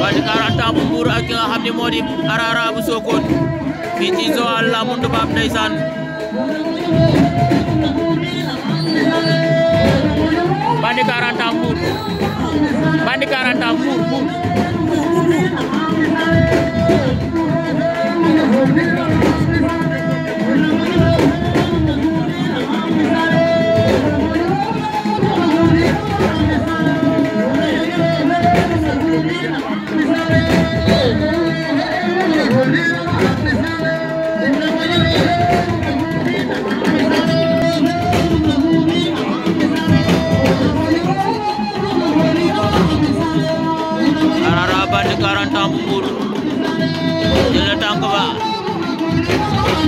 Badikar Anta bu Mbuur ak ki nga xam ne moo di Arara bu Sokone fii ci Joal la mu tubaab ndeysaan Badikar Anta Mbuur Badikar Anta Mbuur Mbuur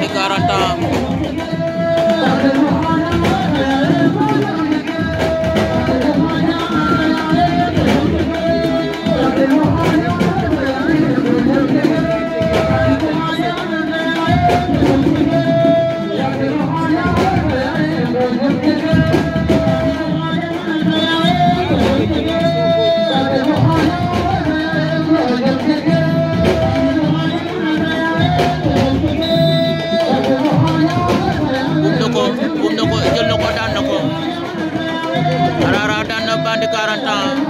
di karatam. car on top.